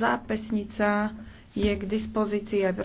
zápesnica je k dispozícii aj